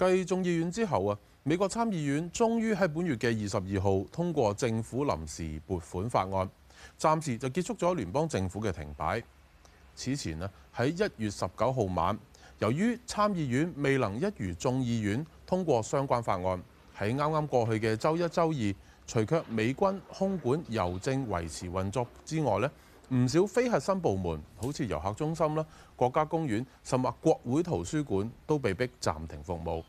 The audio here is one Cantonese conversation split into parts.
繼眾議院之後啊，美國參議院終於喺本月嘅二十二號通過政府臨時撥款法案，暫時就結束咗聯邦政府嘅停擺。此前咧喺一月十九號晚，由於參議院未能一如眾議院通過相關法案，喺啱啱過去嘅週一週二，除卻美軍空管郵政維持運作之外咧，唔少非核心部門，好似遊客中心啦、國家公園、甚至國會圖書館都被逼暫停服務。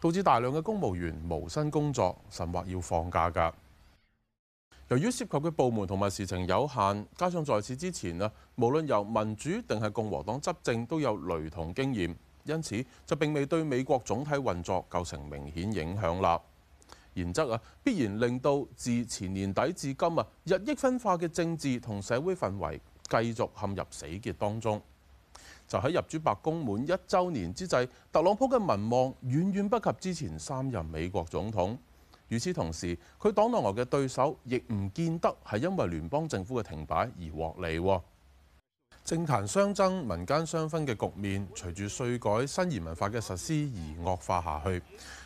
導致大量嘅公務員無薪工作，甚或要放假㗎。由於涉及嘅部門同埋事情有限，加上在此之前啊，無論由民主定係共和黨執政都有雷同經驗，因此就並未對美國總體運作構成明顯影響啦。然則啊，必然令到自前年底至今啊，日益分化嘅政治同社會氛圍繼續陷入死結當中。就喺入主白宮滿一週年之際，特朗普嘅民望遠遠不及之前三任美國總統。與此同時，佢黨內外嘅對手亦唔見得係因為聯邦政府嘅停擺而獲利。政壇相爭、民間相分嘅局面隨住稅改新移民法嘅實施而惡化下去。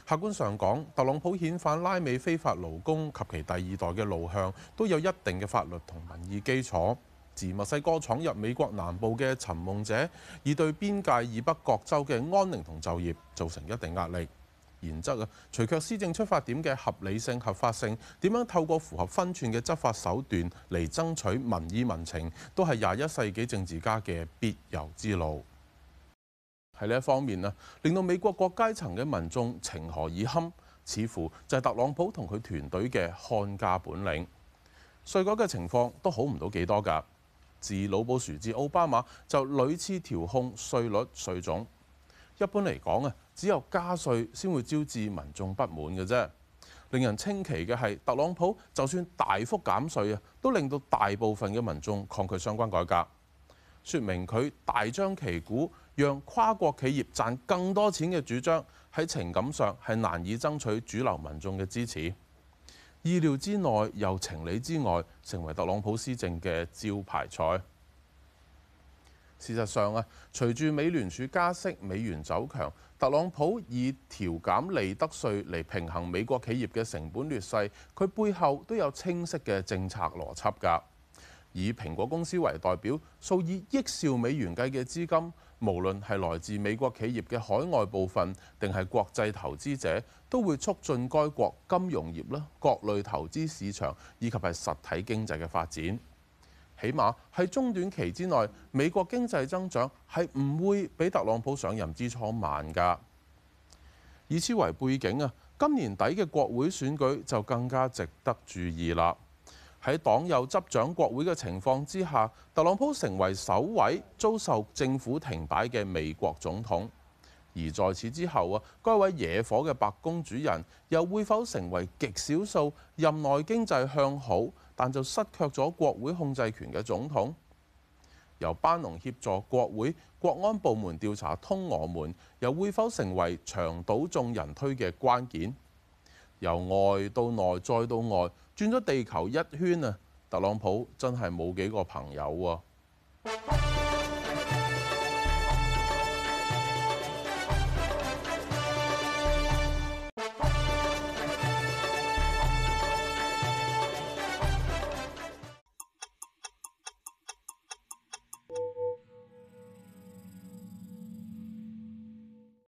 客觀上講，特朗普遣返拉美非法勞工及其第二代嘅路向都有一定嘅法律同民意基礎。自墨西哥闖入美國南部嘅尋夢者，已對邊界以北各州嘅安寧同就業造成一定壓力。然則啊，除卻施政出發點嘅合理性、合法性，點樣透過符合分寸嘅執法手段嚟爭取民意民情，都係廿一世紀政治家嘅必由之路。喺呢一方面啊，令到美國各階層嘅民眾情何以堪？似乎就係特朗普同佢團隊嘅看家本領。稅改嘅情況都好唔到幾多㗎。自老布殊至奧巴馬，就屢次調控稅率、稅種。一般嚟講啊，只有加稅先會招致民眾不滿嘅啫。令人稱奇嘅係，特朗普就算大幅減稅啊，都令到大部分嘅民眾抗拒相關改革，說明佢大張旗鼓讓跨國企業賺更多錢嘅主張，喺情感上係難以爭取主流民眾嘅支持。意料之內又情理之外，成為特朗普施政嘅招牌菜。事實上啊，隨住美聯儲加息、美元走強，特朗普以調減利得稅嚟平衡美國企業嘅成本劣勢，佢背後都有清晰嘅政策邏輯㗎。以蘋果公司為代表，數以億兆美元計嘅資金，無論係來自美國企業嘅海外部分，定係國際投資者，都會促進該國金融業啦、各類投資市場以及係實體經濟嘅發展。起碼喺中短期之內，美國經濟增長係唔會比特朗普上任之初慢㗎。以此為背景啊，今年底嘅國會選舉就更加值得注意啦。喺黨友執掌國會嘅情況之下，特朗普成為首位遭受政府停擺嘅美國總統。而在此之後啊，該位惹火嘅白宮主人又會否成為極少數任內經濟向好但就失卻咗國會控制權嘅總統？由班農協助國會、國安部門調查通俄門，又會否成為牆倒眾人推嘅關鍵？由外到內再到外。轉咗地球一圈啊！特朗普真係冇幾個朋友喎。